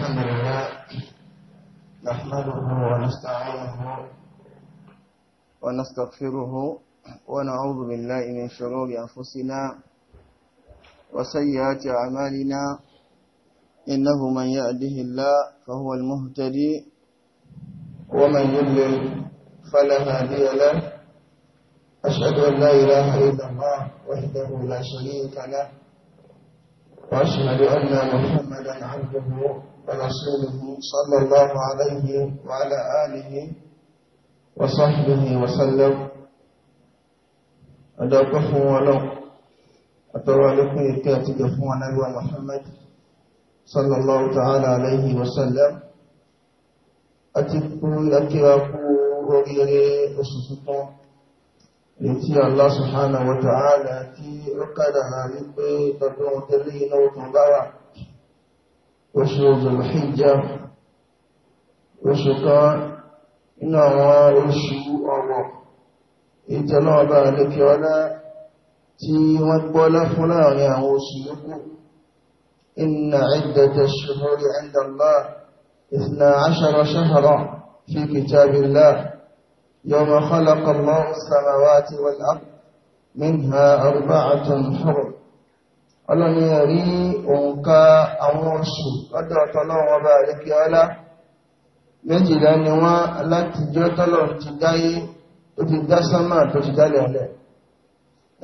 الحمد لله نحمده ونستعينه ونستغفره ونعوذ بالله من شرور أنفسنا وسيئات أعمالنا إنه من يأده الله فهو المهتدي ومن يضلل فلا هادي له أشهد أن لا إله إلا الله وحده لا شريك له وأشهد أن محمدا عبده ورسوله صلى الله عليه وعلى آله وصحبه وسلم أدركه ولو أترى لكم يكاتب فوانا محمد صلى الله تعالى عليه وسلم أتكو أكراكو وغيري أسسطان ètí Allah subhanahu wa ta'ala tí ó kádàrà wípé tọdún tẹ́lẹ̀ iná òtún bá wà oṣù zulhijjá oṣù kan inú àwọn oṣù ọ̀wọ̀ ìtẹ̀lọ́ ọba àlẹ́kẹ́ ọlá tí wọ́n gbọ́lá fún láàrin àwọn oṣù yókù إن عدة الشهور عند الله إثنى عشر شهرا في كتاب الله ọlọ́ni rí òǹkà àwọn oṣù lọ́dọ̀ ọ̀tọ̀lọ́wọ́ bá rí ọlá méjìlá ni wọ́n alátijọ́ tọ́lọ̀ ti dáyé tó ti dá sánmà tó ti dálẹ̀ ọ̀lẹ̀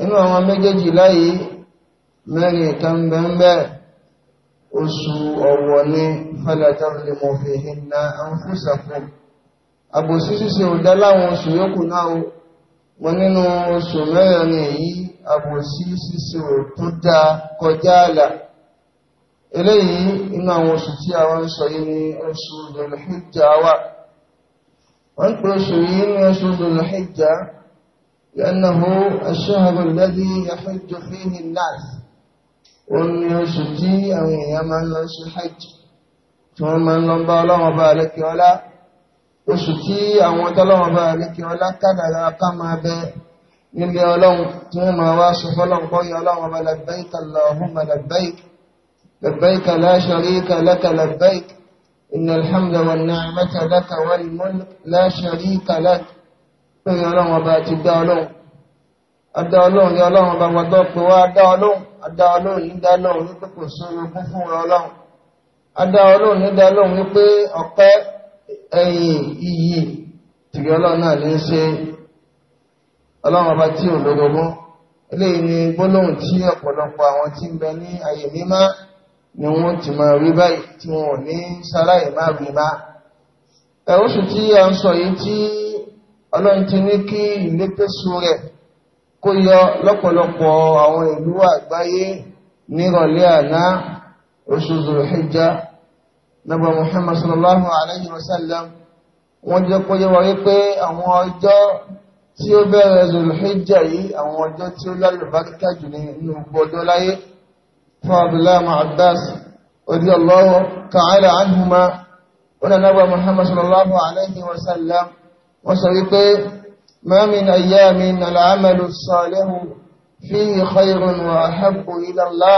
inú àwọn méjèèjì láyé mẹ́rin kan oṣù ọ̀wọ̀ ni fẹ́lẹ̀tọ́rọ̀lẹ̀ mọ̀ fi àbòsí ṣíṣe ò dá láwọn oṣù yókù náà wọn nínú oṣù àbòsí ṣíṣe ò tó dá kọjá àlà eléyìí inú àwọn oṣù tí àwọn ń sọ yìí ni oṣù dhul wà wọ́n pè oṣù yìí ní oṣù Dhul-Hijjah لأنه الشهر الذي يحج فيه الناس òun ni oṣù tí àwọn èèyàn máa ń lọ ṣe hajj tí wọ́n máa ń lọ bá ọlọ́run bá àlékè ọlá oṣù tí àwọn tọ́lọ́run bá àlékè ọlá kádàrá ká máa bẹ́ẹ̀ nílé ọlọ́run tí wọ́n máa wá sọ fọ́lọ́run kọ́ yọ ọlọ́run ọba labbaik allahumma labbaik labbaik la sharika laka labbaik inna alhamda wa ni'mata laka wal mulk la sharika laka pé yọ ọlọ́run ọba ti dá ọlọ́run adá ọlọ́run yọ ọlọ́run ọlọ́run ọba tí ò eléyìí ni gbólóhùn tí ọ̀pọ̀lọpọ̀ àwọn tí ń bẹ ní ayé mímá ni wọ́n ti máa rí báyìí tí wọn ò ní sáláì má rí má ẹ̀rọ́sù tí a ń sọ yìí tí ọlọ́run ti ní kí ìlétésù rẹ̀ kó yọ lọ́pọ̀lọpọ̀ àwọn ìlú àgbáyé nírọ̀lẹ́ àná oṣù zulhijja nàbà muhammad sallallahu alayhi wa sallam wọ́n jẹ́ kó yẹ wọ́n rí pé àwọn ọjọ́ tí ó bẹ̀rẹ̀ zulhijjá yìí àwọn ọjọ́ tí ó lálùbáríkà jù nínú gbọdọ̀ láyé fún abdullahi abbas radiyallahu ta'ala anhuma wọn na nábà muhammad sallallahu alaihi wa sallam wọ́n sọ wípé ma min ayyamin al'amalu salihu fihi khairun wa ahabbu ila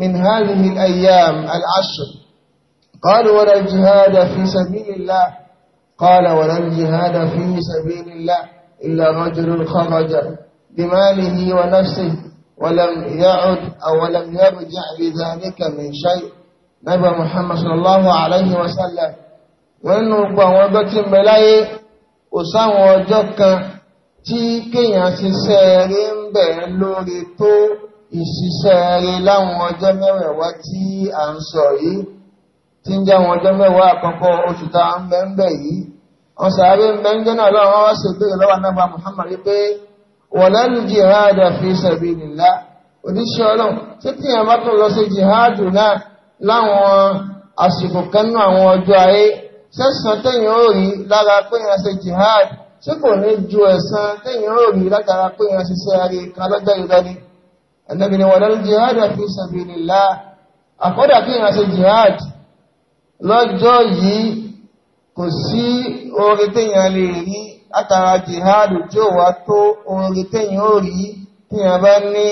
min hadhihi ayyam al قال ولا الجهاد في سبيل الله قال ولا الجهاد في سبيل الله إلا رجل خرج بماله ونفسه ولم يعد أو لم يرجع بذلك من شيء نبى محمد صلى الله عليه وسلم nínú gbogbo àwọn ọjọ́ tí ń bẹ láyé kò sáwọn ọjọ́ kan tí kéèyàn ṣiṣẹ́ rí ń bẹ̀ lórí tó ìṣiṣẹ́ rí láwọn ọjọ́ mẹ́wẹ̀ẹ̀wá tí à ń sọ yìí tí ń jẹ́ àwọn ọjọ́ mẹ́wàá àkọ́kọ́ oṣù tá à ń bẹ ń bẹ̀ yìí wọn sàárè ń bẹ́ńgẹ́ náà lọ́wọ́ wọn wá sí ìbéèrè lọ́wọ́ anábà Muhammad wípé wọ̀lẹ́lù jihad fi sabilillah oníṣẹ́ ọlọ́run tí tí yẹn bá tún lọ sí jihad náà láwọn àsìkò kan náà àwọn ọjọ́ ayé sẹ́sàn tẹ̀yìn ó rí lára pé yẹn ṣe jihad tí kò ní ju ẹ̀san tẹ̀yìn ó rí látara pé yẹn ṣiṣẹ́ ààrẹ kan lọ́jọ́ ìlọ́ni ẹ̀nàbìnrin wọ̀lẹ́lù jihad fi sabilillah àkọ́dà kí yẹn ṣe jihad lọ́jọ́ yìí kò sí oore téèyàn lè rí látara jihadu tí ó wá tó oore téèyàn ó rí téèyàn bá ní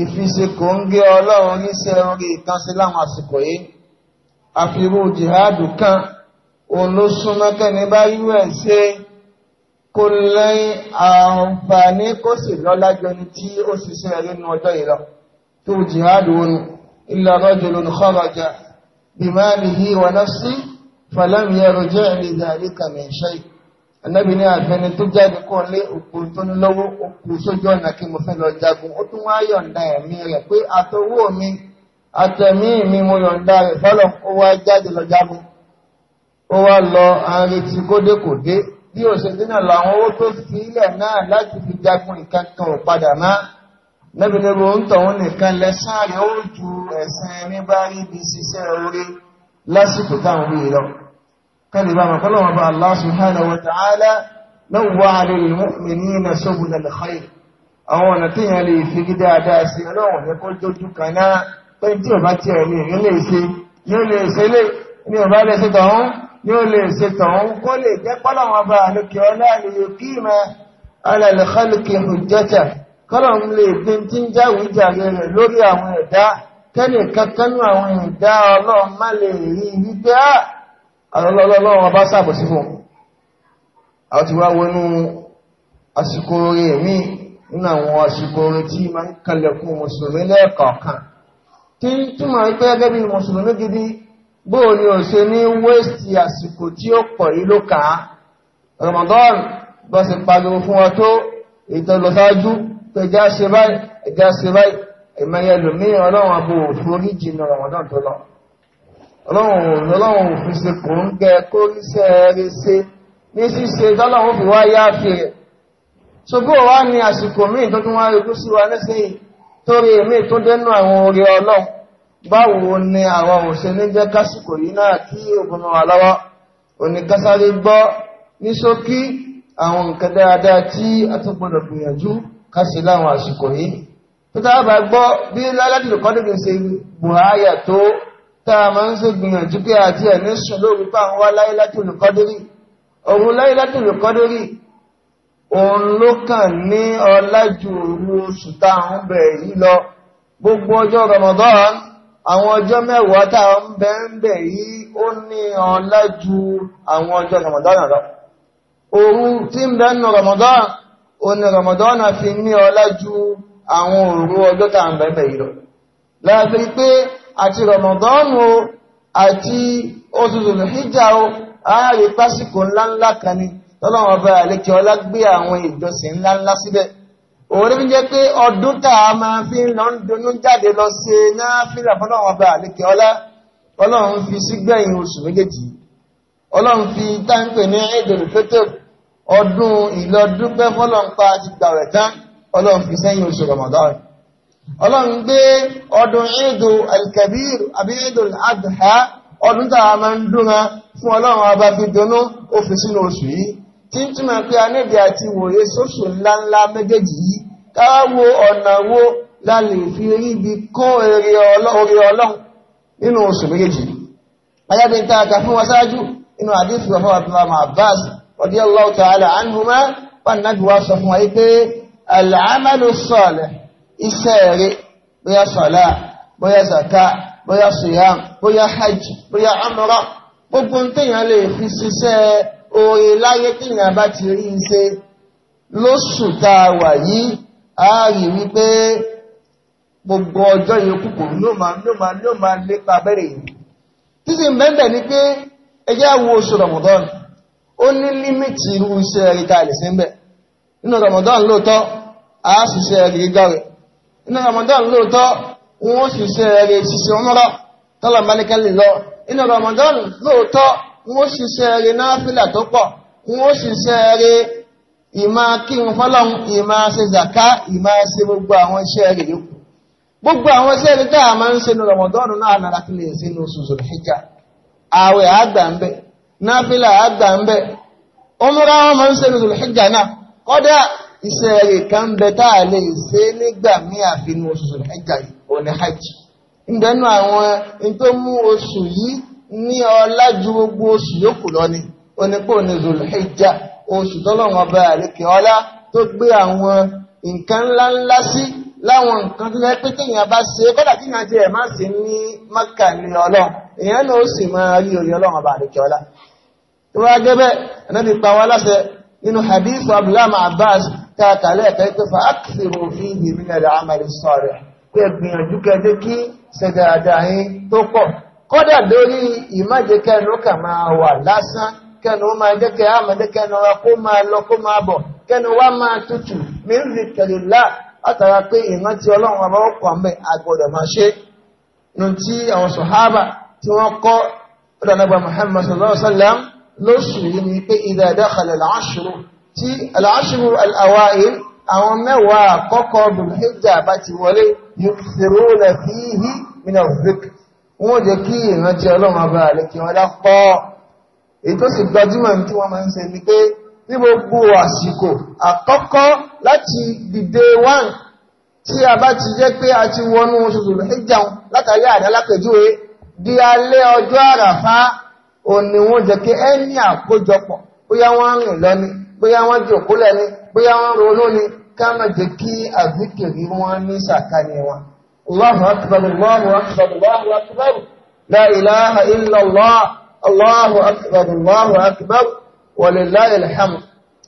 ìfisekòǹgé ọlọ́run níṣẹ́ orí ìkànsí láwọn àsìkò yìí àfihàn jihadu kan òun ló súnmọ́ kẹ́ni bá un ṣe kó lẹ́yìn àǹfààní kó sì lọ́lájọ ni tí ó ṣiṣẹ́ rí nu ọjọ́ ìlọ tó jihadu wọn illa rajulun kharaja bimalihi wa nafsihi fàlámì ẹrù jẹ́ ìrìnà àríkà mi ṣe anábì ní àfẹni tó jáde kọ́ lé òkú tó ní lọ́wọ́ òkú sójú ọ̀nà kí mo fẹ́ lọ jagun ó tún wá yọ̀ǹda ẹ̀mí rẹ̀ pé àtọwọ́ mi àtẹ̀mí mi mo yọ̀ǹda rẹ̀ fọ́lọ̀ ó wá jáde lọ jagun ó wá lọ àárín tí kódé kò dé bí òṣèlú náà làwọn owó tó sílẹ̀ náà láti fi jagun nǹkan kan ò padà má lẹ́bìnrin ohun tọ̀hún nìkan lẹ́sàn-án rẹ̀ ó ju ẹ̀sìn ẹni bá rí ibi ṣiṣẹ́ orí lásìkò táwọn wí lọ kẹlìbà mọ̀kọ́lọ́wọ́ bá Allah subhanahu wa ta'ala lọ́wọ́ alẹ́lẹ̀ mọ́kànlẹ̀ na sọ́bùn alẹ́khair àwọn ọ̀nà tí yẹn lè fi gídá dáa sí ọlọ́wọ̀n yẹ kó jójú kaná pé tí ó bá tí ẹ̀ ní lè ṣe yóò lè ṣe lè ní ọba lè ṣe tọ̀hún yóò lè ṣe tọ̀hún kó lè jẹ́ kọ́lọ̀wọ́n bá lókè ọlá àlèyé kí ma ọlọ́run bá sàbò sí fún àwọn ti wá wọnú àsìkò orí ẹ̀mí nínú àwọn àsìkò orí tí ma ń kalẹ̀kùn mùsùlùmí lẹ́ẹ̀kọ̀ọ̀kan tí túnmọ̀ wípé gẹ́gẹ́ bí mùsùlùmí gidi bóò ni ò ṣe ní wéṣì àsìkò tí ó pọ̀ yìí ló kà á Ramadan bá sì pariwo fún wa tó ìtọ́lọ́sájú pé já ṣe báyìí já ṣe báyìí ìmọ̀yẹlòmí ọlọ́run abò òfurufú jìnnà Ramadan tó lọ ọlọ́run òfin ṣe kò ń gẹ kó ríṣẹ́ rẹ ṣe ní ṣíṣe tọ́lọ́run fi wá yá fi rẹ̀ ṣogbó wá ní àsìkò míì tó tún wá rẹ̀kú sí wa lẹ́sẹ̀yìn torí èmi tó dẹ́nu àwọn orí ọlọ́run báwo ni àwọn òṣèlú jẹ́ kásìkò yìí náà kí ògùn wà lọ́wọ́ òní kásáré gbọ́ ní ṣókí àwọn nǹkan dáadáa tí a tún gbọdọ̀ gbìyànjú kásì láwọn àsìkò yìí tó tá a bá gbọ́ bí lálẹ́ tá a máa ń ṣe gbìyànjú pé àti ẹ̀ní sùn lórí pa àwọn aláyé látòlù kọ́dírì òun láyé látòlù kọ́dírì òun ló kàn ní ọlájú òru oṣù tá à ń bẹ̀ yìí lọ gbogbo ọjọ́ Ramadan àwọn ọjọ́ mẹ́wàá tá à ń bẹ̀ ń bẹ̀ yìí ó ní ọlájú àwọn ọjọ́ Ramadan lọ òru tí ń bẹ̀ nù Ramadan ó ní Ramadan fi ní ọlájú àwọn òru ọjọ́ tá à ń bẹ̀ ń bẹ̀ yìí lọ láti pé àti rọmọdọ́nù o àti oṣù Zulhijja o ààrẹ pásíkò ńláńlá kan ni tọ́lọ́wọ́n ọba àlekẹ́ ọlá gbé àwọn ìjọsìn ńláńlá síbẹ̀ òun ní jẹ́ pé ọdún tá a máa fi ń lọ ń dunú jáde lọ ṣe náà fílà fọlọ́wọ́n ọba àlekẹ́ ọlá ọlọ́run fi sígbẹ̀yìn oṣù méjèèjì ọlọ́run fi táǹpẹ̀ ní ẹ̀dọ̀rù pẹ́tẹ́ ọdún ìlọdúpẹ́ fọlọ́ǹpa ti gbà rẹ̀ tán ọlọ́run fi sẹ́yìn oṣù rọ̀mọ̀dọ́rin ọlọ́run gbé ọdún Eidul Kabir àbí Eidul Adha ọdún tàà máa ń dúnra fún ọlọ́run ọba fi dúnú ó fi sínú oṣù yìí tí ń túnmọ̀ pé anẹ́bí àti wòye sóṣù ńláńlá méjèèjì yìí káwọ́ ọ̀nà wo la lè fi ríbi kún orí ọlọ́run nínú oṣù méjèèjì ayábi ń tààkà fún wa sáájú inú àdífì ọ̀fọ́ Abdullahi Abbas radiyallahu ta'ala anhuma pàdánàbí wa sọ fún wa yìí pé al-amalu salih iṣẹ́ rẹ bóyá sọ̀lá bóyá zaka bóyá suyam bóyá hajj bóyá amúra gbogbo téèyàn lè fi ṣiṣẹ́ oore láyé téèyàn bá ti rí iṣẹ́ lóṣù tá a wà yìí a rí wípé gbogbo ọjọ́ yòókù kò yóò máa yóò máa yóò máa lépa abẹ́rẹ́ yìí títí mẹ́bẹ̀ ni pé ẹjẹ́ àwọ oṣù Ramadan ó ní límìtì irú iṣẹ́ rí ká lè sí ń bẹ̀ nínú Ramadan lóòótọ́ a ṣiṣẹ́ rí gíga rẹ̀ inú Ramadan lóòótọ́ wọ́n sì ṣe ẹ̀rẹ̀ ìṣiṣẹ́ ọmọ́rọ́ tọ́lọ̀ bánikẹ́lì lọ inú Ramadan lóòótọ́ wọ́n sì ṣe ẹ̀rẹ̀ náfìlà tó pọ̀ wọ́n sì ṣe ẹ̀rẹ̀ ìmá kírun fọ́lọ́hun ìmá ṣe zàká ìmá ṣe gbogbo àwọn iṣẹ́ rẹ̀ yòókù gbogbo àwọn iṣẹ́ rẹ̀ dáa máa ń ṣe ní Ramadan náà nara kí lè ṣe ní oṣù Zulhijja ààwẹ̀ àgbà ń bẹ̀ náfìlà àgbà ń bẹ̀ ọmọrọ́ wọn máa ń ṣe ní Zulhijja náà kọ́dà iṣẹ́ ẹ̀yẹ kan bẹ tá a lè ṣe nígbà míì àfinú oṣù ẹ̀jà yìí òun ni hajj. ìbẹ́nu àwọn tó mú oṣù yìí ní ọlá ju gbogbo oṣù yòókù lọ ni onípò ní zulhijja oṣù tọ́lọ́wọ́n ọba àríkè ọlá tó gbé àwọn nǹkan ńláńlá sí láwọn nǹkan tó fẹ́ pé téèyàn bá ṣe kọ́dà tí nàá jẹ́ ẹ̀ má sí ní mọ́kà ní ọlọ́run èèyàn náà sì máa rí orí ọlọ́run ọba àríkè ọlá. tó wá gẹ́gẹ́ ẹ̀nà ti pa wá láṣẹ nínú hadith abdullahi abbas tá a kà lẹ́ẹ̀kẹ́ pé fa ákìsìrò fi yìí nínú ẹ̀rọ àmàlì sọ rẹ̀ pé gbìyànjú kẹ́lé kí ṣẹ̀dàdà yín tó pọ̀ kódà lórí ìmájẹ kẹnu kà máa wà lásán kẹnu ó máa jẹ́kẹ́ àmàlẹ́ kẹnu wa kó máa lọ kó máa bọ̀ kẹnu wa máa tutù mí ń rí kẹlẹ́lá látara pé ìrántí ọlọ́run àbáwọ̀ kọ̀ tí aláṣírù al'awa'il àwọn mẹ́wàá àkọ́kọ́ dùnhíjà bá ti wọlé yíkìsìrò lẹ fi hí mina zik wọ́n jẹ́ kí ìrántí ọlọ́run ọba rẹ̀ kí wọ́n dápọ̀ ètò sì gbajúmọ̀ tí wọ́n máa ń ṣe ni pé ní gbogbo àsìkò àkọ́kọ́ láti dìde wọ́n tí a bá ti jẹ́ pé a ti wọnú oṣù dùnhíjà látàrí àdálápẹ̀júwe di alẹ́ ọjọ́ àràfá òní wọ́n jẹ́ kí ẹni àkójọpọ̀ bóyá wọ́n rìn lọ ni bóyá wọ́n jòkó lẹ́ni bóyá wọ́n ronú ni ká má jẹ́ kí àgbékèrè wọn ní sàkání wọn. Allahu akbar, Allahu akbar, Allahu akbar, la ilaha illa Allah, Allahu akbar, Allahu akbar, walillahi alhamd.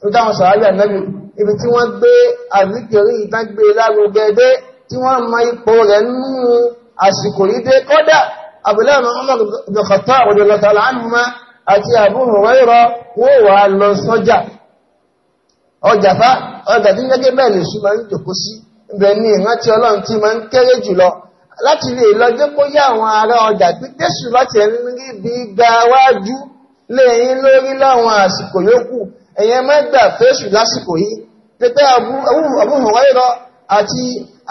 Ó dáhùn sàálẹ̀ ànábì ibi tí wọ́n gbé àgbékèrè ìdágbé lárugẹdẹ tí wọ́n mọ ipò rẹ̀ nú àsìkò yìí dé kọ́dà Abdullahi Muhammad bin Khattab radiyallahu ta'ala anhuma àti Abu Hurairah wọ́n wà lọ sọ́jà ọjàfá ọjà tí gẹ́gẹ́ bẹ́ẹ̀ lè ṣùgbọ́n ń jòkó sí ibẹ̀ ni ìrántí ọlọ́run tí máa ń kéré jùlọ láti lè lọ́jọ́ kó yá àwọn ará ọjà gbígbé sùn láti ẹ̀ ń rí bí ga wájú lẹ́yìn lórí láwọn àsìkò yòókù ẹ̀yẹn má gbà fẹ́sù lásìkò yìí pẹ̀pẹ́ àbúhùwáìrọ àti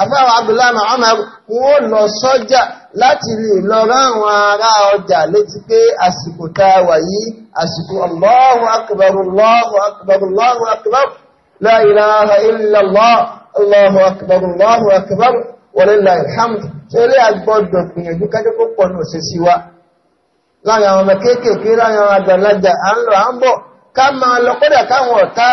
àfáwà abdullahi Umar wọ́n lọ sọ́jà láti lè lọ ráwọn ará ọjà létí pé àsìkò tá a wà yìí àsìkò Allahu akbar Allahu akbar Allahu akbar لا إله إلا الله الله أكبر الله أكبر ولله الحمد ṣeré àgbọ́dọ̀ gbìyànjú kájọ́ kó pọ̀ náà ṣe sí wa láàrin àwọn ọmọ kéékèèké láàrin àwọn àgbàlagbà à ń lọ à ń bọ̀ ká máa lọ kódà káwọn ọ̀tá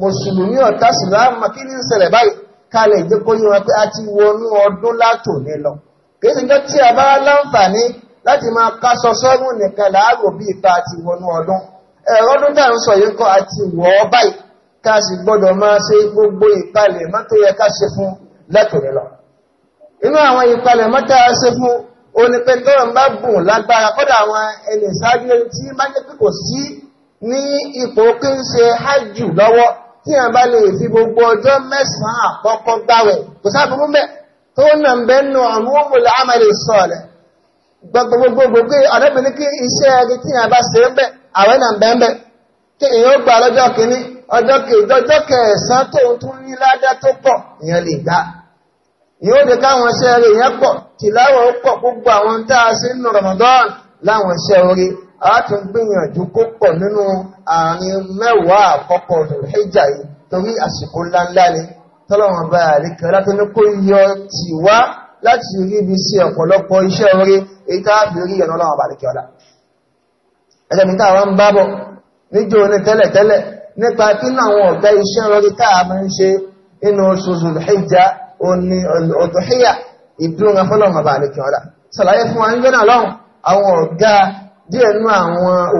mùsùlùmí ọ̀tá sùlámà kí ní ń ṣẹlẹ̀ báyìí ká lè jẹ́ kó yíwọn pé a ti wọnú ọdún látò ní lọ kìí ṣe tí a bá láǹfààní láti máa kásọ sọ́rùn nìkan láàrò bí ipa ti wọnú ọdún ẹ̀rọ ọdún tá ń sọ yìí kọ́ àti wọ̀ ọ́ báyìí ká sì gbọ́dọ̀ máa ṣe gbogbo ìpalẹ̀ mọ́ tó yẹ ká ṣe fún látòrí lọ. inú àwọn ìpalẹ̀ mọ́ tá a ṣe fún onípe tọ́rọ ń bá bùn lágbára kọ́dà àwọn ẹni ìsáájú tí má jẹ́ pé kò sí ní ipò kí ń ṣe hajj lọ́wọ́ tí a bá lè fi gbogbo ọjọ́ mẹ́sàn-án àkọ́kọ́ gbáwẹ̀ kò sáàbùkún bẹ́ẹ̀ tó ń nà ọjọ́ kejọjọ́ kẹsàn tó ń tún ní ládá tó pọ̀ èèyàn lè gbá yóò dé káwọn iṣẹ́ rẹ̀ yẹn pọ̀ tì láwọn ó pọ̀ gbogbo àwọn tá a ṣe nínú Ramadan láwọn iṣẹ́ orí a tún gbìyànjú kó pọ̀ nínú àárín mẹ́wàá àkọ́kọ́ ìjà yìí torí àsìkò ńláńlá ni tọ́lọ́wọ́n bá àríkẹ́ látọ́ní kó yọ tì wá láti rí ibi sí ọ̀pọ̀lọpọ̀ iṣẹ́ orí èyí tá a fi rí ìyànà ọlọ́wọ́n bá ọ̀la ẹ̀jẹ̀ mi táwọn ń bábọ̀ níjó ní tẹ́lẹ̀tẹ́lẹ̀ nípa kí láwọn ọ̀gá iṣẹ́ lórí táà máa ń ṣe nínú oṣooṣù hijja òní ọ̀dọ̀híyà ìdúnra fọ́lọ́mà bá ní kí ọ̀dá sàlàyé fún wa ń gbẹ́nà lọ́hùn àwọn ọ̀gá díẹ̀ nú àwọn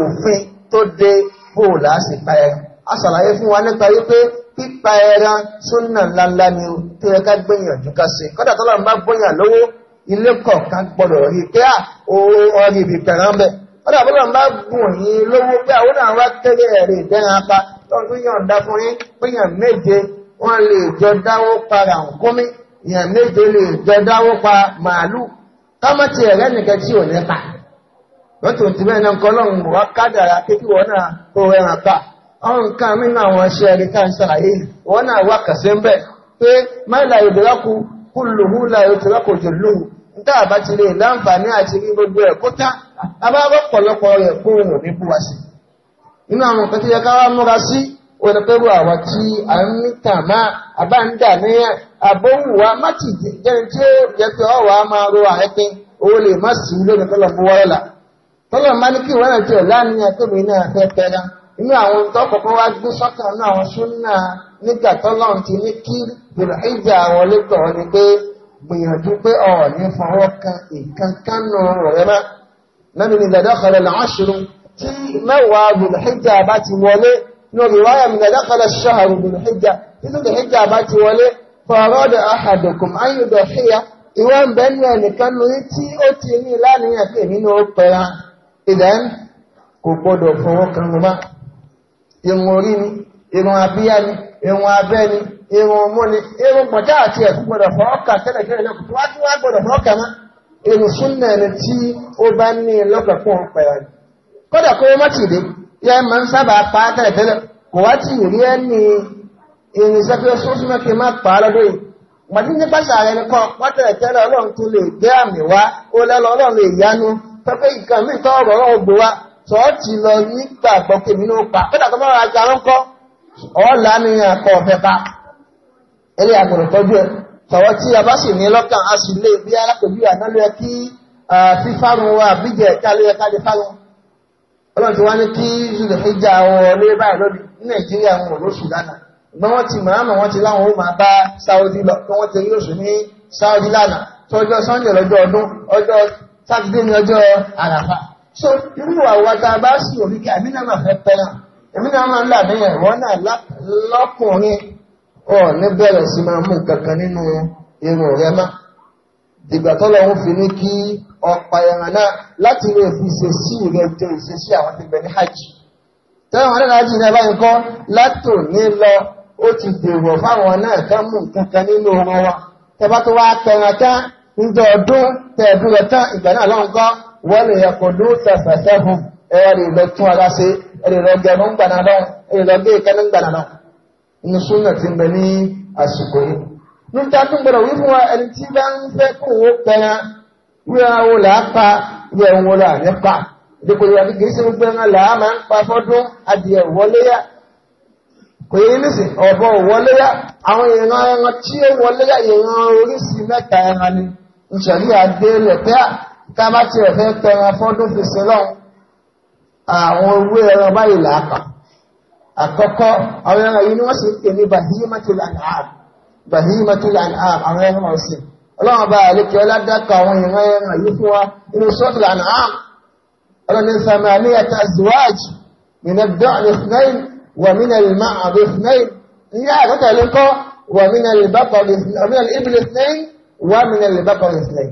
òfin tó dé bóòlà sí pa ẹran a sàlàyé fún wa nípa wípé pípa ẹran súnà ńláńlá ni tó yẹ ká gbìyànjú ká ṣe kọ́dà tó lọ́run bá gbóyàn lówó ilé kọ̀ọ̀kan gbọ́dọ̀ rí pé à ọ̀rọ̀ ìbìpẹ̀ràn bẹ̀ kọ́dà tó lọ́run bá gùn lówó pé àwọn àwọn akẹ́rẹ́ ẹ̀rẹ́ ìdẹ́ran apá tọ́lú yọ̀ǹda fún yín pé yàn méje wọ́n lè jọ dáwó pa ràǹkómi yàn méje lè jọ dáwó pa màálù kámọ́tì ẹ̀rẹ́ nìkan tí ò ní pa lọ́tún tí bẹ́ẹ̀ náà kọ́lọ́run wá kádàrá pé kí wọ́n náà kó ẹran pa ọ̀n nǹkan nínú àwọn iṣẹ́ ẹ̀rí ká ń ṣàlàyé wọ́n náà wá kàṣẹ́ ń bẹ̀ pé máìlà ìdúrákù kúlùmú la ìdúrákù jòlú níta àbá ti lè láǹfààní àti rí gbogbo ẹ̀kọ́ta abáwọ́pọ̀lọpọ̀ rẹ̀ kó òun ò ní bú wa sí i nínú àwọn nǹkan tó yẹ ká wá múra sí wọn pẹ̀lú àwa tí a ń ní tàmá àbáńdà ní àbówùwá mátì jẹni tí ó jẹ pé ọwọ́ a máa ro àẹ́pin owó lè má sí lórí tọ́lọ̀ fún wọ́ọ́lá tọ́lọ̀ má ní kí ìwọ́n náà ti ọ̀ náà fẹ́ pẹ́ra inú àwọn tó wá gbé sọ́kàn náà àwọn súnà nígbà tọ́lọ̀ ti ní kí ìjà wọlé tọ̀ ni pé gbìyànjú pé ọ̀ ní fọwọ́ kan ìkankan náà rẹ̀ tí mẹ́wàá Dhul-Hijjah bá ti wọlé lórí wáyà min dakhala ash-shahru Dhul-Hijjah títí Dhul-Hijjah bá ti wọlé farada ahadukum an yudhiya ìwọ́n ń bẹ́ẹ̀ ní ẹnìkan lórí tí ó ti ní láníyàn pé nínú ó pẹ̀ra ìdán kò gbọ́dọ̀ fọwọ́ kan mọ́ bá irun orí ni irun abíyá ni irun abẹ́ ni irun ọmọ ni irun pọ̀já àti ẹ̀kú gbọ́dọ̀ fọwọ́ kà tẹ́lẹ̀kẹ́lẹ̀ lọ́kùn tó wá tí wá gbọ́dọ̀ fọwọ́ kà mọ́ irun súnnà tí ó bá ní lọ́kàn fún ọ̀pẹ̀rẹ̀ kódà kó wọ́n ti dé yẹ máa ń sábà pa á tẹ́lẹ̀ tẹ́lẹ̀ kò wá ti rí ẹni irinṣẹ́ pé sọ́sún mẹ́fì máa pa á lọ́dọ̀ yìí màtí ní pàṣẹ ààrẹ nìkan wọ́n tẹ̀lẹ̀ tẹ́lẹ̀ ọlọ́run tó lè gbé àmì wá ó lẹ́lọ ọlọ́run lè yanu pẹ́pẹ́ ìkan mí tọ́ ọ̀rọ̀ ọlọ́run gbé wá tọ́ ti lọ nígbà gbọ́ pé mi ló kódà tó bá wà ajá kọ́ ọ̀la ni àkọ́ ọ̀fẹ́ pa eré àgbọ̀rọ̀ tọ́jú ẹ̀ tọ́wọ́ tí wa àbíjẹ̀ ká lóye ká ọlọ́run ti wá ní kí zulẹ̀fẹ́jà wọlé báyìí lọ́dún ní nàìjíríà wọn ò lóṣù lánàá ìgbọ́n wọ́n ti màámà wọ́n ti láwọn ó máa bá sáúdí lọ kí wọ́n ti rí oṣù ní sáúdí lánàá tọjọ́ sunday lọ́jọ́ ọdún ọjọ́ sátidé ní ọjọ́ àràfà so irú àwa tá a bá sì orí kí àmì náà máa fẹ́ pẹ́ràn èmi náà máa ń là níyàn ìwọ náà lọ́kùnrin ọ̀ ní bẹ̀rẹ̀ sí máa mú nǹkan kan nínú irun rẹ máa dìgbà tọ́lọ́run fi ní kí ọ̀pá ẹran náà láti lè fi ṣe sí ìrẹ́ jẹ ìṣe sí àwọn tí bẹ̀ ní hajj tẹ́wọ̀n adẹ́rẹ́ hajj náà báyìí kọ́ látò ní lọ ó ti dèrò fáwọn náà kán mú nǹkan kan nínú wọn wa tẹ́bá tó wá pẹran tán níjọ ọdún tẹ̀ẹ̀dún rẹ̀ tán ìgbà náà lọ́n kọ́ wọ́n lè yẹ̀kọ̀ ló fẹ̀fẹ̀fẹ́ hun ẹ̀rọ lè níta tó gbọdọ̀ wí fún wa ẹni tí bá ń fẹ́ kó owó pẹran wíra wo là á pa ìyẹ̀ òun wọlé ànípa ìdókòwò ìwà kékeré sí gbogbo ẹran là á máa ń pa fọ́dún adìẹ wọléyà kò yẹ ní sìn ọ̀bọ wọléyà àwọn ìran ẹran tí ó wọléyà ìran oríṣi mẹ́ta ẹran ni ìṣẹ̀lú adé rẹ̀ pé ká bá tiẹ̀ fẹ́ pẹran fọ́dún fi sin lọ́hùn àwọn owó ẹran báyìí là àkọ́kọ́ àwọn ẹran yìí ni wọ́n sì ń pè ní bàdíyé bahimatul an'am àwọn ẹran ọ̀sìn ọlọ́run bá àlékẹ́ ọládàkọ̀ àwọn ìran ẹran yìí fún wa inú suratul an'am ọlọ́ni samaniyata azwaj min ad-da'n ithnayn wa min al-ma'd ithnayn ní àkọ́kọ́ ló kọ́ wa min al-ibl ithnayn wa min al-baqar ithnayn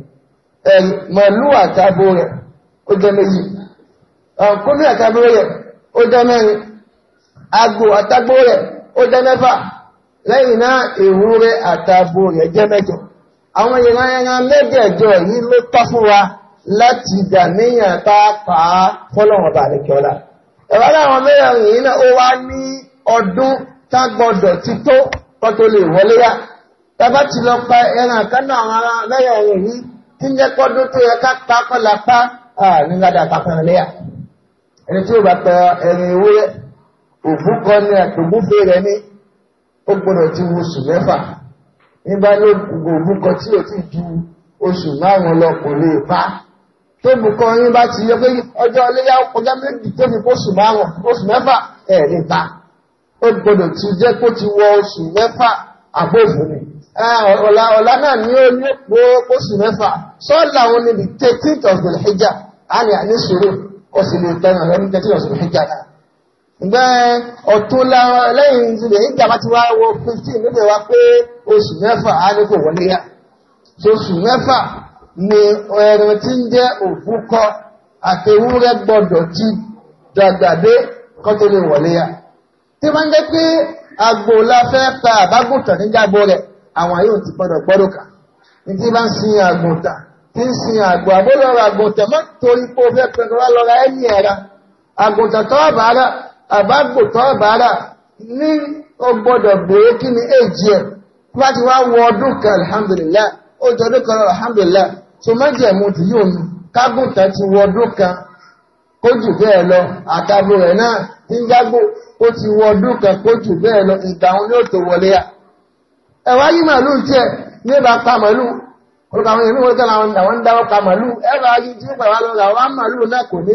màlúù àtàbò rẹ̀ ó jẹ́ méjì ọ̀nkúnlẹ̀ àtàbò rẹ̀ ó jẹ́ mẹ́rin agbo àtàgbò rẹ̀ ó jẹ́ mẹ́fà lẹ́yìn náà rẹ àtàbò rẹ̀ jẹ́ mẹ́jọ àwọn ìran ẹran yìí ló tọ́ fún wa láti dàníyàn tá a pa á fọ́lọ́wọ́n bá ní kíọ́lá ẹ̀rọ láwọn mẹ́rin yìí náà ó wá ní ọdún tá gbọ́dọ̀ ti tó kó tó lè wọlé yá tàbá ti lọ pa ẹran àwọn ará mẹ́rin yìí tí ń jẹ́ kọ́dún tó yẹ ká pa kọ́lá pa nígbàdà léyà ẹni ó gbọ́dọ̀ ti wo oṣù mẹ́fà nígbà ní ògùn kan tí ò ti ju oṣù márùn-ún lọ kò lè pa tóbi kan yín bá ti yẹ pé ọjọ́ iléyà ọjọ́ méjì tóbi kó oṣù márùn oṣù mẹ́fà ẹ̀ ní ta ó gbọ́dọ̀ ti jẹ́ kó ti wọ oṣù mẹ́fà àbófin ni ọ̀la ọ̀la náà ni ó ní pé oṣù mẹ́fà sọ́ọ̀lá òun ni the thirteenth of the hijab a àní sòrò ó sì lè tẹ̀yàn lọ́dún thirteenth of the hijab náà ǹgbẹ́ ọ̀tún láwọn lẹ́yìn ìjìnlẹ̀ ìjàmbá ti wá wo fifteen ló dé wá pé oṣù mẹ́fà á ní kò wọlé yá oṣù mẹ́fà ni ẹran tí ń jẹ́ òfúkọ àti ewúrẹ́ gbọ́dọ̀ ti dàgbàdé kó tó lè wọlé yá tí wọ́n ń jẹ́ pé agbo la fẹ́ ta àbágùntàn níjàgbó rẹ̀ àwọn yóò ti gbọ́dọ̀ gbọ́dọ̀ kà ní tí bá ń sin àgùntàn tí ń sin àgbò àbólọ́rọ̀ àgùntàn mọ́ torí fẹ́ pẹ̀lú wa lọ́ra ẹ̀yìn ẹ̀ra àgùntàn àbágbòtọ́ àbára ní ọgbọ́dọ̀ bèé kí ni èjì láti wá wọ ọdún kan alhamdulillah ó jọ ọdún kan alhamdulillah tó mẹ́jẹ̀ mú ti yóò mú kágùntà ti wọ ọdún kan bẹ́ẹ̀ lọ àtàbò rẹ̀ náà ti kan bẹ́ẹ̀ lọ tó wọlé à ẹ̀wá yí tiẹ̀ ní pa àwọn wọ́n àwọn dáwọ́ pa ẹ̀rọ ayé tí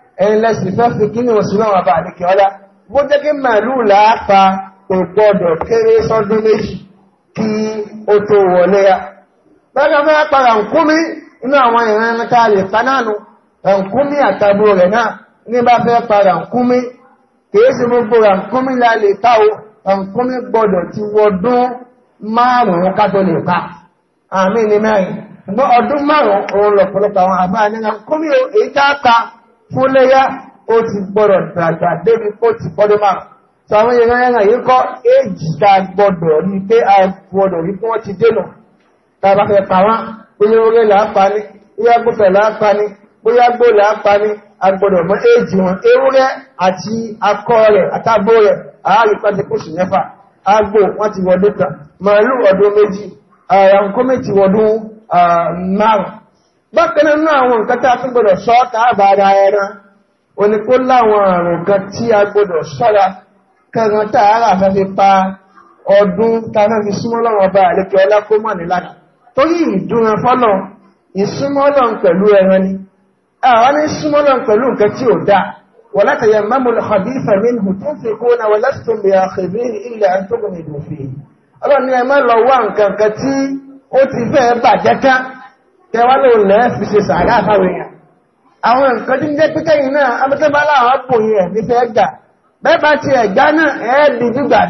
ẹ̀lẹ́sì fẹ́ fi kí ní oṣù náà bá ní kíọ́lá bó jẹ́ kí màálù láàfà kò kéré sọ́dún méjì kí ó tó wọlé ya bẹ́ẹ̀ mẹ́ padà nkúmi inú àwọn ìran ẹ̀ta lè pa náà nu nkúmi àtàbò rẹ̀ náà ní bá fẹ́ padà nkúmi kìí sí gbogbo rà nkúmi la lè ta o nkúmi gbọ́dọ̀ ti wọdún márùn-ún kátó àmì ní mẹ́rin ọdún márùn-ún òun lọ̀pọ̀lọpọ̀ àwọn àbá nígbà nkúmi èyí tá a ta fúnléyà ó ti gbọ́dọ̀ dàgbà débi kó ti fọ́dún máa tó àwọn èèyàn ẹ̀yàn yìí kọ́ éjì tá a gbọ́dọ̀ ní pé a gbọ́dọ̀ yìí kí wọ́n ti dènà tàbá fẹ́ pa wọ́n bóyá orí là á bóyá gbọ́fẹ̀ là á bóyá gbó a gbọ́dọ̀ mọ éjì wọn ewúrẹ́ àti akọ rẹ̀ rẹ̀ àárí kóṣù mẹ́fà bákanáà náà àwọn nǹkan tá a tún gbọdọ̀ sọ ọ́ tààbà ara ẹran òní kó láwọn àrùn kan tí a gbọdọ̀ sọ́ra kankan tààrà àfẹ́fẹ́ pa ọdún tààrà fi súnmọ́ lọ́wọ́ ọba àlékè ọlá kó mọ̀ nílára torí ìdúnran fọ́lọ̀ ìsúnmọ́ pẹ̀lú ẹran ni àwọn ní súnmọ́ pẹ̀lú nǹkan tí ò dáa wọ́n látàyẹ mọ́mọ́lù khabitha minhu tó fi kó na wọ́n lásìkò lè àkèbí ilẹ̀ àtúgbìn ìdòfin ọlọ́ni ẹ má wá nǹkan kan tí ó ti fẹ́ bàjẹ́ ká tẹwàlò lẹ́ fi ṣe sàárá àfáwọn èèyàn àwọn nǹkan tí ń jẹ́ píkẹ́yìn náà amẹ́tẹ́bálá ọ̀pọ̀ yẹ̀ nífẹ́ ẹgbà bẹ́bà ti ẹ̀gbá náà ẹ́ẹ̀dì gbígbà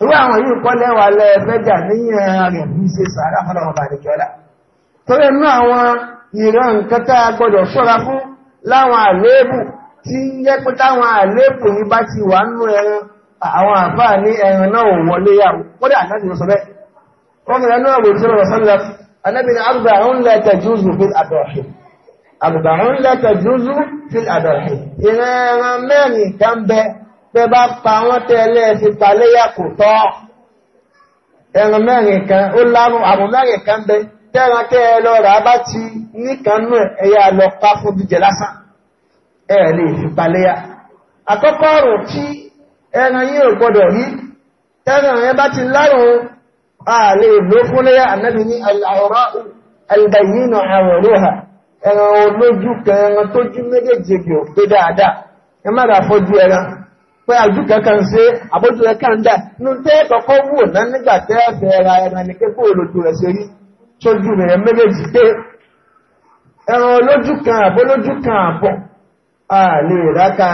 irú àwọn yìí kọ́ lẹ́wà lẹ́ẹ̀fẹ́jà níyìn rẹ̀ bí ṣe sàárá fọ́lọ́wọ́ bàdìjọ́lá torí inú àwọn ìran nǹkan tá a gbọ́dọ̀ ṣọ́ra fún láwọn àléébù tí ń jẹ́ pé táwọn àléébù yìí bá ti wà nínú ẹran àwọn àfáà ní ẹran náà wọlé yàwó kódà láti lọ sọ bẹ́ẹ̀ wọ́n fi ẹnu ọ̀rọ̀ ìṣẹ́lẹ̀ sọ́lẹ̀ anábìnrin arba'un la tajuzu fil adọ̀hì arba'un la tajuzu fil adọ̀hì ìran ẹran mẹ́rin kan bẹ tẹ bá pa wọ́n tẹ́lẹ̀ fi paléyà kò tọ́ ẹran mẹ́rin kan ó lárùn àrùn mẹ́rin kan bẹ tẹ́ran tẹ́ ẹ lọ rà bá ti níkanú ẹ̀yà lọ pa fún jíjẹ lásán ẹ̀ lè fi paléyà àkọ́kọ́ ọ̀rùn tí ẹran yìí ò gbọ́dọ̀ rí tẹ́ran yẹn bá ti lárùn Ah, a lè ló fún ní àlàrá albayinu ẹran olójú kẹran tó méjèèjì kí pé dáadáa ẹ má ra fọ́jú ẹran pé àjú kankan ṣe àbójú rẹ kàn dà tẹ́ kọ́kọ́ wò ná nígbà tẹ́ ẹ̀fẹ́ ra ẹran ní kékó olójú ṣe rí tójú ẹran olójú kan a lè rákà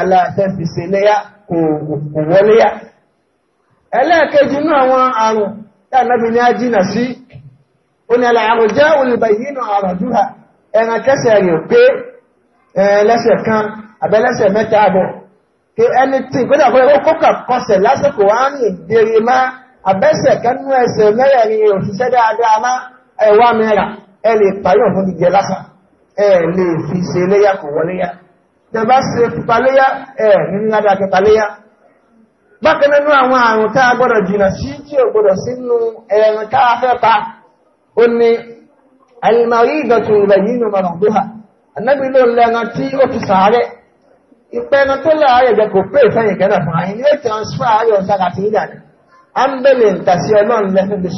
kò wọléyà ẹlẹ́ẹ̀kejì náà tánàbí ní ájínà sí ó ní aláàrùn jẹ́ olùbàyínà àràdúrà ẹran kẹsẹ̀ rẹ̀ pé lẹ́sẹ̀ kan abẹ́lẹ́sẹ̀ mẹ́ta àbọ̀ kí ẹni tí kódà kó kókà kọsẹ̀ lásìkò wá ní ìdèrè má abẹ́sẹ̀ kanú ẹsẹ̀ mẹ́rẹ̀ẹ̀rin òṣìṣẹ́ dáadáa má ẹwà mẹ́ra ẹ lè bákanánú àwọn àrùn tá a gbọ́dọ̀ jìnà sí tí ò gbọ́dọ̀ sínú ẹ̀rùn tá a fẹ́ pa ó ní alìmọ̀rí ìdọ̀tún rẹ̀ nínú mọ̀rọ̀gbóhà anábì ló lẹ́ran tí ó fi sàárẹ̀ ìpẹran tó láàárẹ̀ jẹ kò pé ìfẹ́yìn kẹ́nà fún àyín ní ètò ọ̀sùn àárẹ̀ ọ̀sára ti ń dàní a ń bẹ̀lẹ̀ ń tà sí ọlọ́run lẹ́nu lè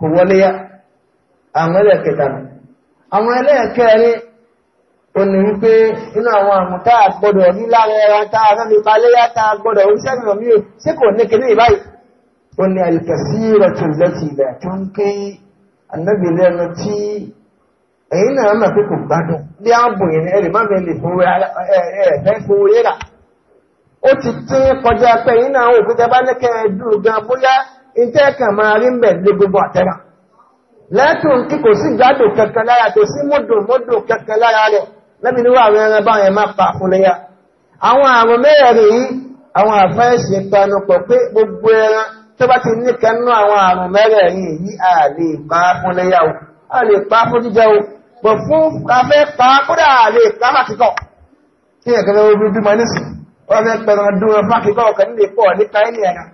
kò wọléyá àwọn ẹlẹ́ẹ̀kẹta nù àwọn ẹlẹ́ẹ̀kẹrin òní wípé inú àwọn àmú tá a gbọdọ̀ ní lára ẹran tá a fẹ́ fi paléyá tá a gbọdọ̀ ó sẹ́yìn ọ̀mí o ṣé kò ní kíní ìbáyìí ó ní àlùkàsí rẹ̀tù lẹ́tì ilẹ̀ tó ń ké ànábì lẹ́nu tí ẹ̀yìn náà mà pé kò gbádùn bí a ń bò yẹn ẹ̀rì má mi lè fowó ẹ̀fẹ́ fowó rírà ó ti tín kọjá pé ẹ̀yìn náà ò ìtẹ́ kan máa rí mẹ́ lé gbogbo àtẹ́rà lẹ́tùn kí kò sí gbádùn kankan lára kò sí mọ́dùn mọ́dùn kankan lára rẹ̀ lẹ́bi ní wàá rẹ̀ bá yẹn máa pa àfúnléyà àwọn àrùn mẹ́rẹ̀ẹ̀rin yìí àwọn àfẹ́sì panu pọ̀ pé gbogbo ẹran tó bá ti ní kanú àwọn àrùn mẹ́rẹ̀ẹ̀rin yìí a lè pa àfúnléyà o a lè pa fún jíjẹ o pọ̀ fún afẹ́ pa kódà a lè pa màtíkọ̀ kí ẹ̀kẹ́ lọ́wọ́ bí bímọ nísìn wọ́n fẹ́ pẹ̀rọ̀ dúró fákìkọ̀ ọ̀kan nílé pọ̀ nípa ẹni ẹ̀ràn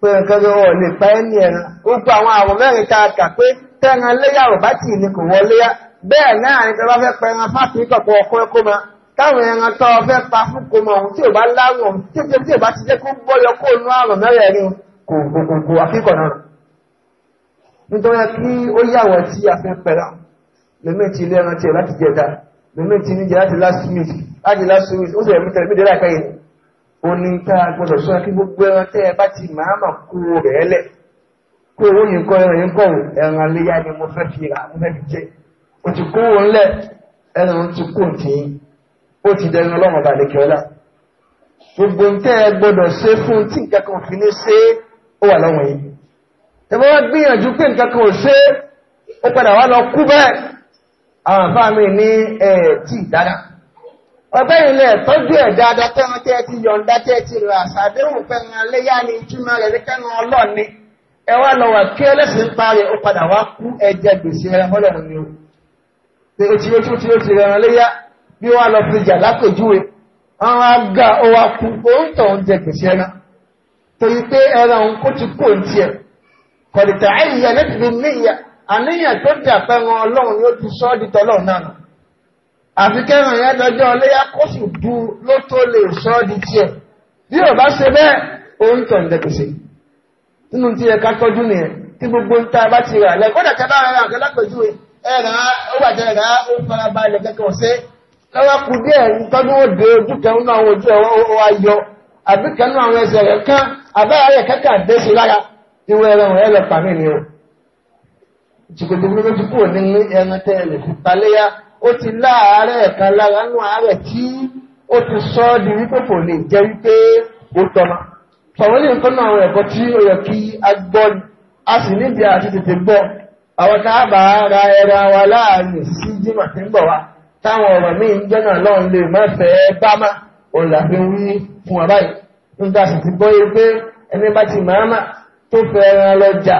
pé nǹkan tó wọ̀ lè pa ẹ́ ní ẹran gbogbo àwọn àwọ̀ mẹ́rin tá a kà pé tẹ́ran léyà ò bá tì ní kò wọ léyà bẹ́ẹ̀ náà ni tẹ́lá fẹ́ pa ẹran fáfi kọ̀kọ́ ọkọ́ ẹ̀kọ́ ma táwọn ẹran tó fẹ́ pa fún kò mọ̀ ohun tí ò bá láwọn ohun tí tí ò bá ti jẹ́ kó gbọ́yọ kó nú àrùn mẹ́rẹ̀ẹ̀rin kò kò àfikọ̀ náà nítorí kí ó yàwọ̀ tí a fẹ́ pẹ̀lá lèmi ti ilé ẹran tiẹ̀ láti jẹta lèmi ti níjẹ láti last week láti last week ó sì rẹ̀ mí tẹ̀lé mí dé láìpẹ́ yìí oní tá a gbọdọ̀ sọ kí gbogbo ẹran tẹ́ ẹ bá ti máa mà kú rẹ̀ ẹlẹ̀ kó owó yìí kọ́ ẹran yìí kọ́ ò ẹran léyà ni mo fẹ́ fi rà mo fẹ́ fi jẹ o ti kó wọn lẹ̀ ẹran ti kó tì í ó ti dẹnu ọlọ́run ọba àlekẹ́ ọlá gbogbo tẹ́ ẹ gbọdọ̀ ṣe fún tí nǹkan kan fi ní ṣe ó wà lọ́wọ́ yìí ẹ bá wá gbìyànjú pé nǹkan kan ò ṣe ó padà wá lọ kú bẹ́ẹ̀ àwọn àfáà mi ní ẹ̀ẹ́dì dáadáa. ọ̀gbẹ́ni lẹ̀ tọ́jú ẹ̀ dáadáa tẹ́ran tẹ́ ti yọ̀ǹda tẹ́ ti rẹ̀ àṣàdéhùn pẹ̀ran léyà ni ìtumọ̀ rẹ̀ ní kẹ́nu ọlọ́ọ̀ni ẹ wá lọ wà kí ẹlẹ́sìn ń parẹ́ ó padà wá kú ẹ̀jẹ̀ gbèsè ni o ti bí wọ́n lọ fi jà lápèjúwe àwọn ó wá kú ń jẹ gbèsè torí pé ti àfi kẹ́ràn yẹn dọjọ́ ọléyá kó sì bu ló tó lè sọ ọ́ di tiẹ̀ bí ò bá ṣe bẹ́ẹ̀ òun tọ̀ ǹdẹ̀kùsẹ̀ nínú tí yẹ ká tọ́jú nìyẹn tí gbogbo ń ta bá ti rà lẹ́yìn kódà kẹ́ bá ara àgbẹ̀ lápẹ̀júwe ẹ̀rà ó bàjẹ́ ẹ̀rà ó fara balẹ̀ kẹ́kọ̀ọ́ sí lọ́wọ́ kù díẹ̀ tọ́jú ó de ojú kẹrin náà àwọn ojú ẹ̀wọ́ wa yọ àbí kẹrin àwọn ẹsẹ̀ rẹ̀ kán àbẹ́rẹ́ kẹ́kẹ́ àdé ó ti láàárẹ̀ kan lára nú àárẹ̀ tí ó ti sọ ọ́ di wípé kò lè jẹ́ wípé ó tọ́nà. Sọ̀rọ̀ lè tọ́nà àwọn ẹ̀kọ́ tí ó yẹ kí a gbọ́ ni, a sì níbi àti tètè gbọ́. Àwọn tá a bá ra ẹran wa láàrin sí Jímọ̀ tí ń bọ̀ wá, táwọn ọ̀rọ̀ míì ń jẹ́ náà lọ́run lè má fẹ́ bá má, òun fi wí fún wa báyìí. Nígbà sì ti gbọ́ yé pé ẹni bá ti màámà tó fẹ́ ẹran lọ jà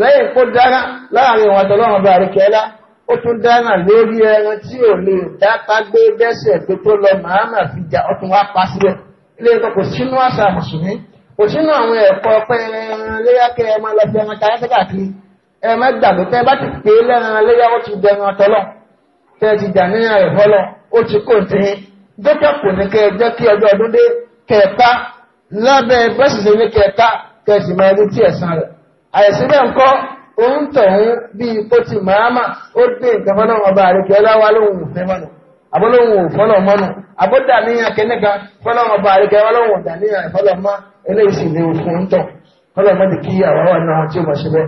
lẹ́yìn kó dára láàrin àwọn àtọ́lọ́run bá àríkẹ́lá ó tún dáná lórí ẹran tí ò lè dápá gbé dẹ́sẹ̀ pé tó lọ màámà fi jà ó tún wá pa sílẹ̀ ilé ẹ̀kọ́ kò sínú àṣà mùsùlùmí kò sínú àwọn ẹ̀kọ́ pé ẹran léyà kẹ ẹ máa lọ fi ẹran tayá káàkiri ẹ má gbàgbé tẹ bá ti pè é lẹ́ran léyà ó ti dẹran tọ́lọ̀ tẹ ti jà níyàn rẹ̀ fọlọ́ ó ti kò tí ń dókè kò ní kẹ jẹ́ kí ọjọ́ ọdún dé kẹta lábẹ́ bẹ́sì ní kẹta kẹsì máa rí tí ẹ̀sán rẹ̀ àìsí bẹ́ẹ̀ ń ń tọ̀hún bí ipò ti màámà ó gbé nǹkan fọ́nà ọba àríkẹ́ ọláwà lóhun òfin mọ́nà abọ́lóhun òfọ́nà mọ́nà abọ́dà níyàn kẹ́nẹ́gà fọ́nà ọba àríkẹ́ ọlọ́hun ọ̀dà níyàn ìfọ́lọ́mọ́ eléyìí sì ní òfin ń tọ̀ fọ́lọ́mọ́ ti kí àwọn àwọn tí ó mọ̀ síbẹ̀.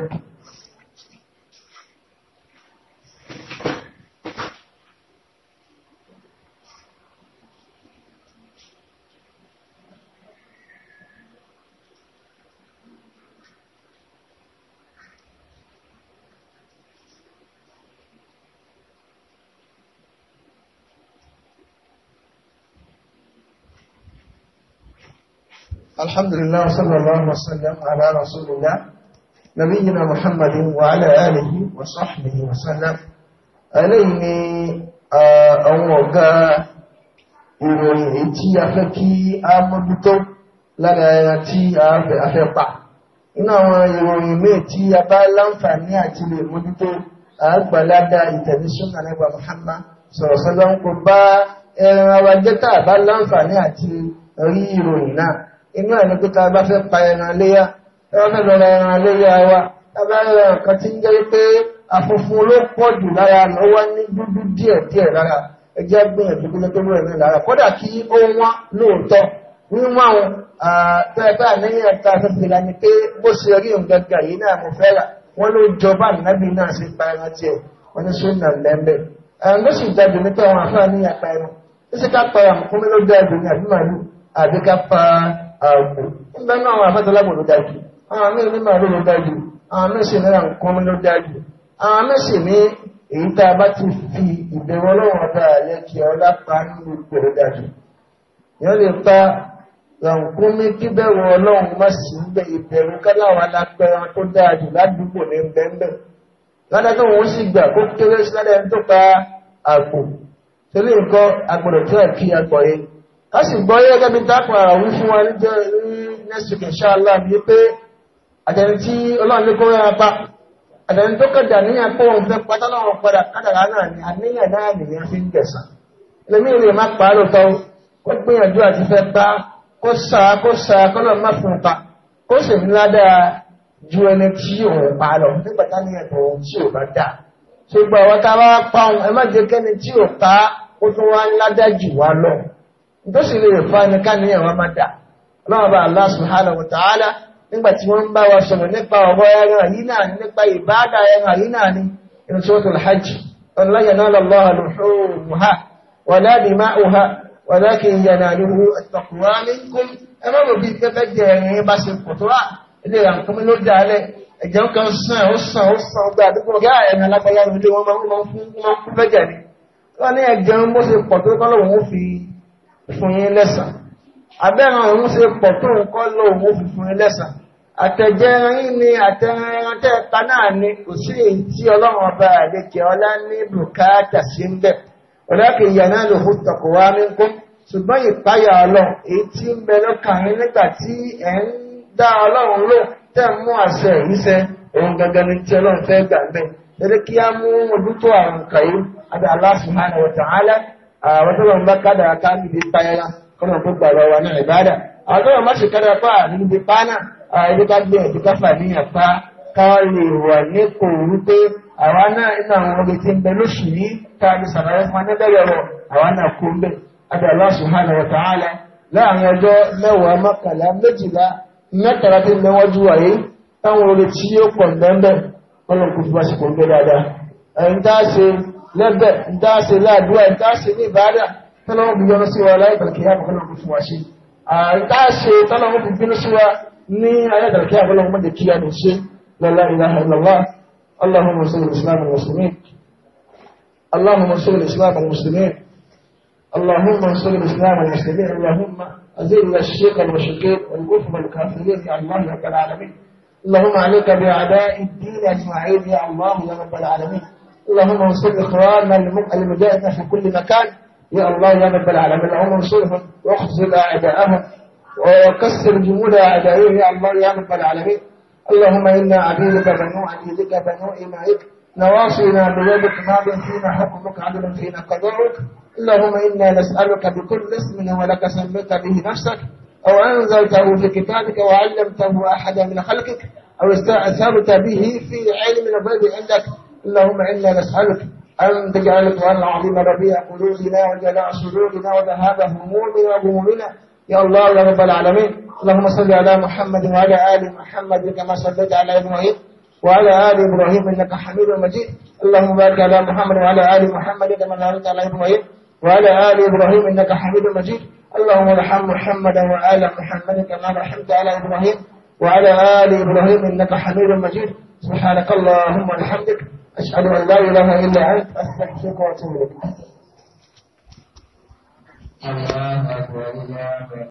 الحمد لله صلى الله وسلم على رسول الله نبينا محمد وعلى آله وصحبه وسلم عليه àwọn ọ̀gá ìròyìn ètí afẹ́ kí a mọ́jútó lára ẹran tí a fẹ́ pa inú àwọn ìròyìn mẹ́ tí a bá láǹfààní àti lè mọ́jútó àgbàládà ìtẹ̀lẹ́sùn àlẹ́gbà Muhammad sọ̀rọ̀sọ́lọ́ ń kò bá ẹran wa jẹ́ta bá láǹfààní àti rí ìròyìn náà inú ẹ̀ ní pé tá a bá fẹ́ pa ẹran léyà ẹran fẹ́ lọ ẹran léyà wa tábà ẹran kan ti ń jẹ́ pé afúnfún ló pọ̀ jù lára lọ́wọ́ ní dúdú díẹ̀ díẹ̀ lára ẹjẹ́ gbìyànjú gbígbé tó lóore ní lára kódà kí ó wọ́n lóòótọ́ wíwọ́n àwọn tẹ́ẹ̀tà lẹ́yìn ẹ̀ta fífi la ni pé bó ṣe rí òǹgàgà yìí náà mo fẹ́ rà wọ́n ló jọba ànábì náà sí pa ẹran tiẹ̀ wọ́n ní sóun náà ẹ̀rọ ló sì jáde nípa àwọn afáàní àpá ẹran ó sì ká pa àmukúnmí ló jáde ní àbí màálù àbí ká pa àgbò ah, nígbà náà àwọn àfẹ́tọ́lágbò ló dájú àwọn àmì onímọ̀ ló dájú àwọn àmì sì náà nǹkan ló dájú àwọn àmì sì ní èyí tá a bá ti fi ìbẹ̀rù ọlọ́run ọba àyẹ kí ọlá pa nínú ipò ló dájú yẹn lè pa rànkúnmí kí bẹ̀rù ọlọ́run má sì ń bẹ ìbẹ̀rù káláwa lápẹ́ran tó dájú ládùúgbò ní bẹ́ńbẹ́ ládàá tó sì gbà kó kéré sí ládàá tó pa àgbò torí nǹkan agbọ̀dọ̀ tó ká sì gbọ́ yẹ́ gẹ́gẹ́ bí dákùn ara wí fún wa ní jẹ́ ní next week inshallah bí pé àtẹni tí ọlọ́run ló kó rẹ̀ apá àtẹni tó kọjá ní apá òun fẹ́ pátá lọ́wọ́ padà kádàrá náà ni àníyàn náà nìyẹn fi ń gẹ̀sán lèmi ìrè má pa á lóòótọ́ ó gbìyànjú àti fẹ́ bá kó sa kó sa kọ́lọ́ má fún pa kó sì ń ládàá ju ẹni tí òun pa lọ nígbà táníyàn tó òun tí ò bá dà ṣùgbọ́n àwọn tá a bá pa jẹ́ kẹ́ni tí ò pa ó tún wá ńlá dájú wa lọ ìtọ́sí lè fa ẹnìká ní àwọn amádà ọlọ́ọ̀bá Allah subhanahu wa ta'ala nígbàtí wọ́n ń bá wa sọ̀rọ̀ nípa ọ̀rọ̀ ẹran yìí náà ni nípa ìbáàdà ẹran yìí náà ni inú suratul hajj lan yanala Allaha luhumuha wala dima'uha walakin yanaluhu at-taqwa minkum ẹ má lò bí pẹ́pẹ́ jẹ ẹ̀rin bá ṣe pọ̀ tó rà ilé ìrànkúnmí ló dá alẹ́ ẹ̀jẹ̀ ń kan sàn ó sàn ó sàn gba àdúgbò gá ẹ̀rin alágbáyà ilé wọn máa ń fún fún fẹ́jẹ̀ ni wọ́n ní ẹ̀jẹ̀ ń bó ṣe pọ̀ tó kọ́ lóun ó fi fún yín lẹ́sàn abẹ́ran òun ṣe pọ̀ tó ń kọ́ lọ òun fi fún yín lẹ́sàn àtẹ̀jẹ́ yín ni àtẹ̀ràn tẹ́ ọba àlekè ọlá ní bùkátà sí ń bẹ̀ ọ̀dà kì í yàrá lò fún tọkọ̀wá mi kún ṣùgbọ́n ọlọ́run èyí tí ń bẹ lọ́kàn yín nígbà tí ẹ̀ ń dá ọlọ́run lò tẹ́ mú àṣẹ ìṣe òun gangan tí ọlọ́run àwọn tó lọ́n bá kádàrá ká níbi payára kọ́nà tó gbà lọ́wọ́ náà ìbádà àwọn tó lọ́n bá ṣe kádàrá pa níbi pánà ẹni ká gbé ẹ̀jú káfà níyàn pa ká lè wà ní kò wípé àwa náà inú àwọn ọmọ tí ń bẹ lóṣù ní ká sàlàyé fún anábẹ́rẹ́ ọ̀rọ̀ àwa náà kó ń bẹ̀ adé Allah subhanahu wa ta'ala láàrin ọjọ́ mẹ́wàá mọ́kànlá méjìlá mẹ́tàlá tí ń bẹ wọ́n ju wáyé táwọn olè tí yóò pọ̀ ń bẹ́ẹ̀ bẹ́ẹ̀ wọ́n fi wá sí kò ń bẹ́ dáadáa ẹ̀yìn tá a ṣe lẹ́bẹ̀ dáṣe láàdúrà dáṣe ní ìbádà tọ́lọ́wọ́ bí yọ́nú sí wa láìpẹ̀lẹ̀kẹ́ àbọ̀kọ́lọ́ fún wa ṣe àìdáṣe tọ́lọ́wọ́ bí bínú sí wa ní ayẹ́dàlẹ́kẹ́ àbọ̀lọ́ mọ́jẹ kí a lè ṣe la ilaha اللهم عليك بأعداء الدين أجمعين يا الله يا رب العالمين اللهم انصر إخواننا المجاهدين في كل مكان يا الله يا رب العالمين اللهم انصرهم واخذل أعداءهم وكسر جمود أعدائهم يا الله يا رب العالمين اللهم إنا عبيدك بنو عبيدك بنو إمائك نواصينا بيدك ماض فينا حكمك عدل فينا قدرك اللهم إنا نسألك بكل اسم ولك سميت به نفسك أو أنزلته في كتابك وعلمته أحدا من خلقك أو استأثرت به في علم الغيب عندك اللهم إنا نسألك أن تجعل القرآن العظيم ربيع قلوبنا وجلاء صدورنا وذهاب همومنا وغمومنا يا الله يا رب العالمين اللهم صل على محمد وعلى آل محمد كما صليت على إبراهيم وعلى آل إبراهيم إنك حميد مجيد اللهم بارك على محمد وعلى آل محمد كما باركت على إبراهيم وعلى آل إبراهيم إنك حميد مجيد اللهم ارحم محمدا وآل محمد كما رحمت على إبراهيم وعلى آل إبراهيم إنك حميد مجيد سبحانك اللهم وبحمدك أشهد أن لا إله إلا أنت أستغفرك وأتوب إليك الله أكبر